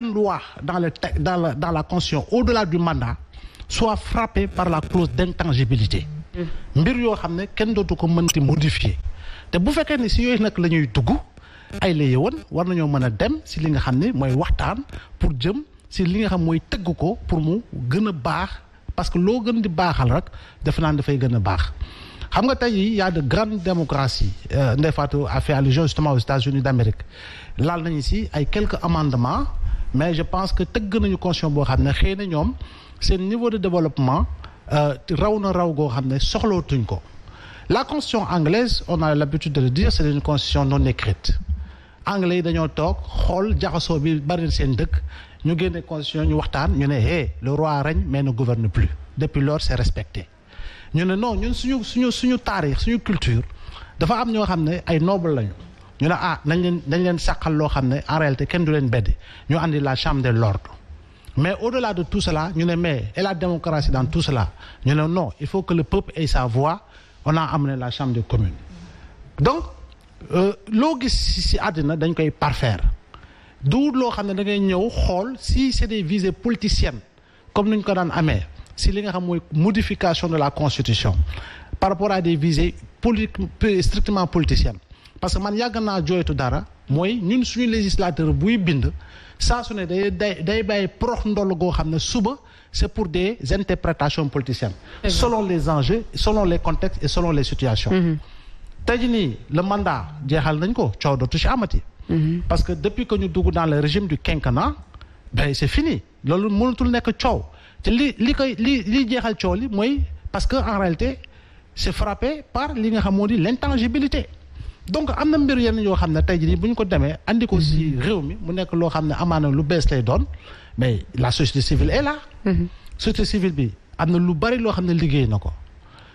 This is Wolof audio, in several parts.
loi dans le te dans la dans la constitution au-delà du mandat soit frappée par la clause d'intangibilité mbir yoo xam ne kenn dootu ko mënti modifier te bu fekkee ni si yooyu nag la ñuy dugg ay la yewoon war nañoo mën a dem si li nga xam ne mooy waxtaan pour jëm si li nga xam mooy tëgg ko pour mu gën a baax parce que loo gën di baaxal rek defe naan dafay gën a baax xam nga tey yi y a de grandes démocraties euh, Ndeye Fatou a fait allusion justement aux États-Unis d'Amérique laal nañu si ay quelques amendements mais je pense que tëgg nañu constitution boo xam ne xëy na ñoom seen niveau de développement euh, raw na raw goo xam ne soxlootuñ ko la constitution anglaise on a l'habitude de le dire c'est une constitution non écrite anglais yi dañoo toog xool jaxasoo bi bari seen dëkk ñu génne constitution ñu waxtaan ñu ne eh le roi reñ mais ne gouverne plus depuis lors c'est respecté ñu ne noo ñu suñu suñu suñu taarix suñu culture dafa am ñoo xam ne ay noble lañu ñu ne ah nañ leen dañ leen sàqal loo xam ne en réalité kenn du leen beddi ñu andi la chambre de l'ordre mais au-delà de tout cela ñu ne mais et la démocratie dans tout cela ñu ne non il faut que le peuple ait sa voix on a amené la chambre de communes donc euh, loo gis ci àddina dañ koy parfaire du loo xam ne da ngay ñëw xool si c'est des viser politiciennes comme ni ñu ko daan amee si li nga xam mooy modification de la constitution par rapport à des visées poli strictement parce que man yàgg naa jooytu dara mooy ñun suñu législateur buy bind saa su ne day day day bàyyi prox ndoll goo xam ne suba c'est pour des interprétations politiciennes selon les enjeux selon les contextes et selon les situations mm-hmm. tey jii nii le mandat jeexal nañ ko coow dootu ci amati mm-hmm. parce que depuis que ñu dugg dans le régime du quinquennat ben c'est fini loolu mënatul nekk coow te li li koy li li jeexal coow li mooy parce que en réalité c'est frappé par li nga xam moo di l'intangibilité donc am na mbir yenn yoo xam ne tey jii bu ñu ko demee andi ko si mhm. réew mi mu nekk loo xam ne amaana lu bees tey doon mais la société civile est là. Mhm. société civile bi am na lu bari loo xam ne liggéey na ko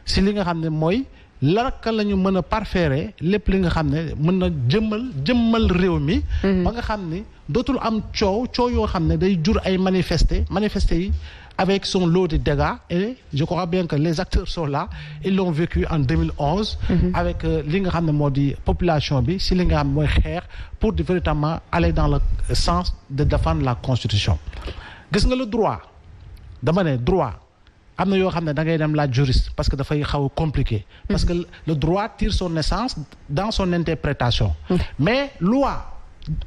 si li nga xam ne mooy laraka la ñu mën a parfaire lépp li nga xam ne mën na jëmmal jëmmal réew mi. Mhm. ba nga xam ne dootul am coow coow yoo xam ne day jur ay manifester manifester yi. avec son loo de dégâts et je crois bien que les acteurs sont là ils l'ont vécu en 2011 mm -hmm. avec euh, li nga xam ne moo di population bi si li nga xam mooy xeex pour de véritablement aller dans le sens de défendre la constitution gis nga le droit dama ne droit am na yoo xam ne da dem la juriste parce que dafay xaw a compliqué parce mhm. que le droit tire son naissance dans son interprétation mhm. mais loi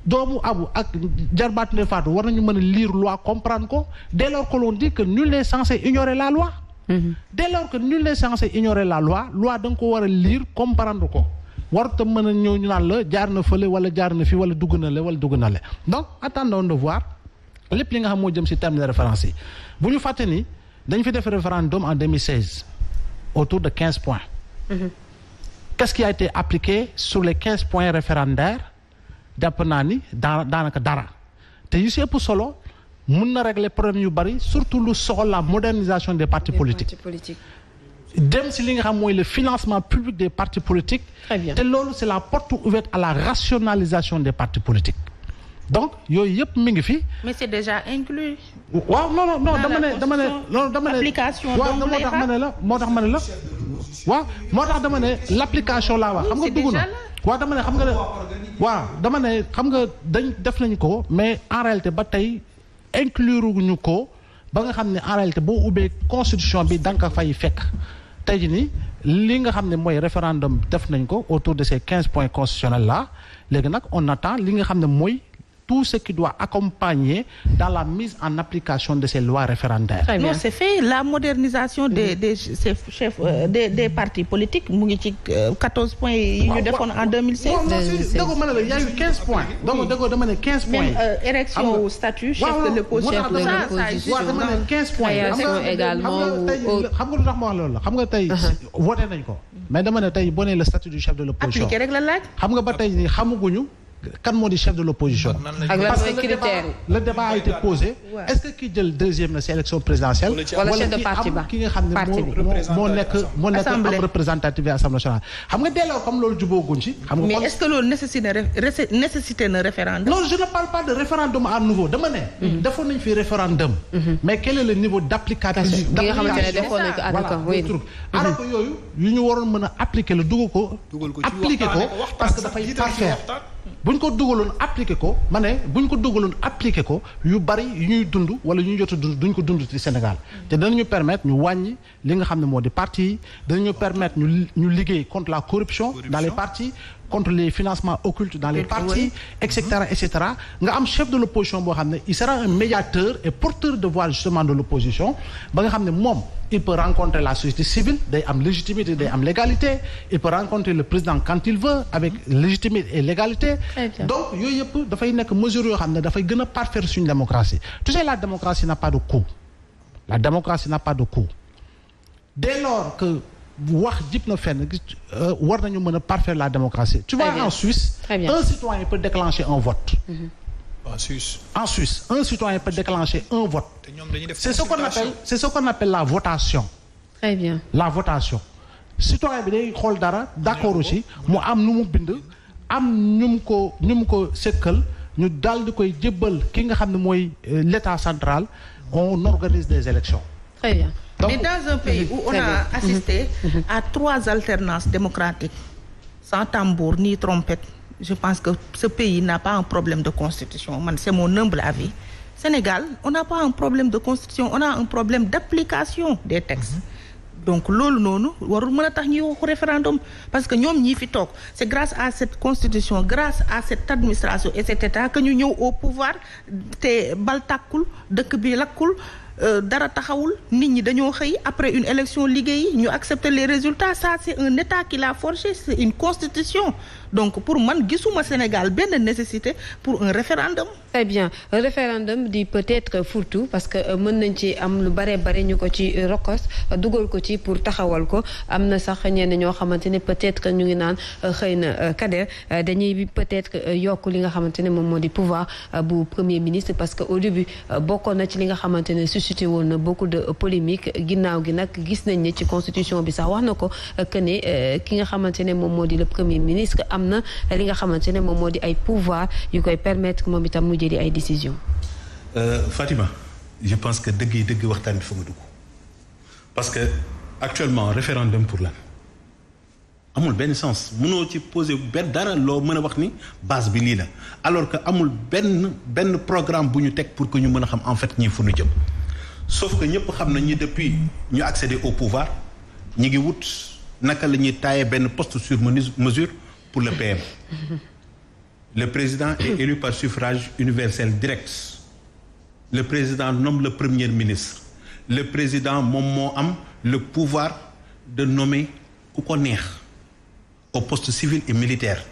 doomu abu ak jarbaat ne faatu war na ñu mën a liir loi comprendre ko dès lors que l'on dit que nul n'est censé ignorer la loi mm-hmm. dès lors que nul n'est censé ignorer la loi loi da ko war a liir comprendre ko war a mën a ñëw ñu naan la jaar na fële wala jaar na fi wala dugg na le wala dugg na le donc attendons de voir lépp li nga xam moo jëm ci terme de référence yi bu ñu fàtte ni dañ fi def référendum en 2016 autour de 15 points. Mm-hmm. qu'est-ce qui a été appliqué sur les 15 points référendaires jàpp naa ni daana daanaka dara te yu si ëpp solo mun na régler problème yu bari surtout lu soxla la modernisation des partis politiques dem si li nga xam mooy le financement public des partis politiques te loolu c'est la porte ouverte à la rationalisation des partis politiques donc yooyu yëpp mi ngi fi. mais c'est déjà inclus. waaw non non dama ne dama ne dama ne application la moo tax ma ne la waaw moo tax dama ne l'application laa wax xam nga dugg na waaw dama ne xam nga ne waaw dama xam nga dañ def nañ ko mais en ba tey inclure ñu ko ba nga xam ne en boo ubbee constitution bi da nga ko fay fekk tey jii nii li nga xam ne mooy référendum def nañ ko autour de ces quinze points constitutionnels la léegi nag on attend li nga xam ne mooy tout ce qui doit accompagner dans la mise en application de ces lois référendaires. Très bien. c'est fait la modernisation de des mm-hmm. des chefs euh, des des partis politiques mu ngi ci 14 euh, points yi ñu defoon en 2016. dëgg ma ne la y a eu 15 points. donc dëgg dama ne 15 points. Euh, statut. chef de l'opposition chef de l'opposition. dama ne 15 points. création également xam nga lu tax ma wax loolu la xam nga tey. woote uh-huh. nañ ko mais dama ne tey boo nee le statut du de l'opposition. appliqué rek la laaj. xam nga ba tey xamuguñu. kan moo di chef de l'opposition parce que le débat a été posé est-ce que ki jël deuxième na si élection présidentielle wala ki am ki nga xam ne moo nekk moo nekk am représentative assemblée nationale xam nga delloo comme loolu jubóoguñ ci mais est-ce que loolu nécessité na référendum non je ne parle pas de référendum à nouveau dama ne mhm. defoon nañ fi référendum mhm. mais quel est niveau d'application d'application alors que yooyu yu ñu waroon a bu buñ ko dugaloon appliqué ko ma ne buñ ko dugaloon appliqué ko yu bari yu ñuy dund wala yu ñuy jot a dund duñ ko dund ci Sénégal te ñu permettre ñu wàññi li nga xam ne moo di parti yi danañu permettre ñu ñu liggéey contre la corruption dans les partis contre les financements occultes dans les partis et cetera mhm. et cetera nga am chef de l'opposition boo xam ne il sera un médiateur et porteur de voix justement de l'opposition ba nga xam ne moom il peut rencontrer la société civile day am légitimité day am légalité il peut rencontrer le président quand il veut avec légitimité et légalité donc yooyu yëpp dafay nekk mesure yoo xam ne dafay gën a parfaire suñu démocratie tu sais la démocratie n'a pas de coût la démocratie n'a pas de coût dès lors que wax jip na fenn euh, war nañu mën a parfaire la démocratie tu en Suisse un citoyen peut déclencher un vote mm-hmm. en Suisse en Suisse un citoyen peut déclencher un vote c'est ce qu'on appelle la votation très bien la votation citoyen bi day xool dara d'accord aussi mu am nu mu bind am ñu mu ko ñu mu ko sëkkal ñu dal di koy jébbal ki nga xam ne mooy euh, l'état central on organise des élections très bien Donc, mais un pays où on a assisté mm-hmm. à trois alternances démocratiques sans tambour ni trompette je pense que ce pays n'a pas un problème de constitution man c'est mon humble avis Sénégal on n'a pas un problème de constitution on a un problème d'application des textes mhm. donc loolu noonu warul mën a tax ñuy waxu référendum parce que ñoom ñii fi toog c'est grâce à cette constitution grâce à cette administration et cet état ñu ñëw au pouvoir te bal tàkkul dëkk bi lakkul euh, dara taxawul nit ñi dañoo xëy après une élection liggéey ñu accepter les résultats ça c'est un état qui l'a une constitution donc pour man gisuma Sénégal benn nécessité pour un référendum. très bien un référendum di peut-être fourre-tout parce que euh, mën nañ ci am lu bare bare ñu ko ci euh, rokos euh, dugal ko ci pour taxawal ko am na sax ñenn ñoo xamante ne peut-être ñu ngi naan xëy na Kader dañuy peut-être yokk li nga xamante ne moom moo di pouvoir bu premier ministre parce que au début bokkoon na ci li nga xamante ne suscité woon na beaucoup de polémique ginnaaw gi nag gis nañ ne ci constitution bi sax wax na ko que ne ki nga xamante ne moom moo di le premier ministre. am na li nga xamante ne moom moo di ay pouvoir yu koy permettre moom itam mu jëli ay décision euh, Fatima je pense que dëgg yi dëgg waxtaan bi fa nga dugg parce que actuellement référendum pour lan amul benn sens mënoo ci poser benn dara loo mën a wax ni base bi lii la alors que amul benn benn programme bu ñu teg pour que ñu mën a xam en fait ñii fu ñu jëm sauf que ñëpp xam na ñi depuis ñu accéder au pouvoir ñi ngi wut naka la ñuy taayee benn poste sur mesure pour le PM. président est élu par suffrage universel direct. Le président nomme le premier ministre. Le président moom moo am le pouvoir de nommer ku au poste civil et militaire.